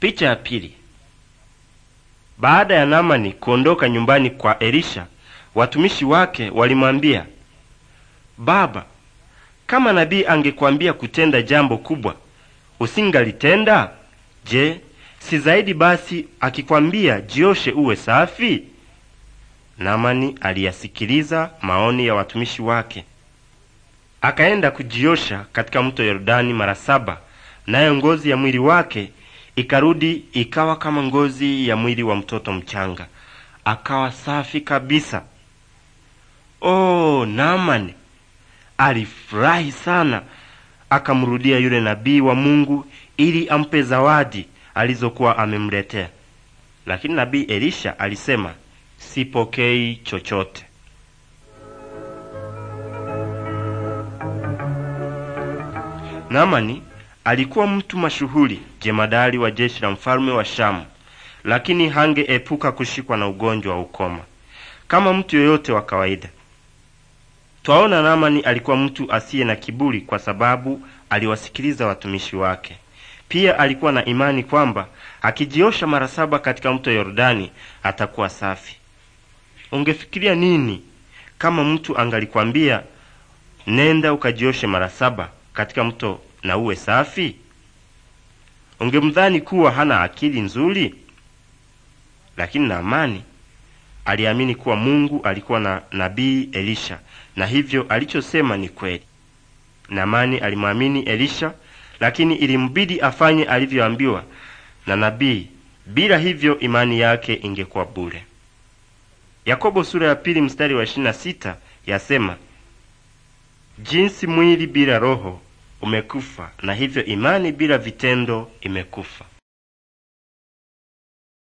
Picha ya pili. Baada ya Naamani kuondoka nyumbani kwa Elisha, watumishi wake walimwambia, Baba, kama nabii angekwambia kutenda jambo kubwa, usingalitenda? Je, si zaidi basi akikwambia jioshe uwe safi? namani aliyasikiliza maoni ya watumishi wake, akaenda kujiosha katika mto Yordani mara saba, nayo ngozi ya mwili wake ikarudi ikawa kama ngozi ya mwili wa mtoto mchanga, akawa safi kabisa. Oh, Naamani alifurahi sana, akamrudia yule nabii wa Mungu ili ampe zawadi alizokuwa amemletea. Lakini nabii Elisha alisema, sipokei chochote. Namani Alikuwa mtu mashuhuri, jemadari wa jeshi la mfalme wa Shamu, lakini hangeepuka kushikwa na ugonjwa wa ukoma kama mtu yoyote wa kawaida. Twaona namani alikuwa mtu asiye na kiburi, kwa sababu aliwasikiliza watumishi wake. Pia alikuwa na imani kwamba akijiosha mara saba katika mto Yordani atakuwa safi. Ungefikiria nini kama mtu angalikwambia nenda ukajioshe mara saba katika mto na uwe safi? Ungemdhani kuwa hana akili nzuri? Lakini Naamani aliamini kuwa Mungu alikuwa na nabii Elisha, na hivyo alichosema ni kweli. Naamani alimwamini Elisha, lakini ilimbidi afanye alivyoambiwa na nabii. Bila hivyo imani yake ingekuwa bure. Yakobo sura ya pili mstari wa 26 yasema, jinsi mwili bila roho umekufa, na hivyo imani bila vitendo imekufa.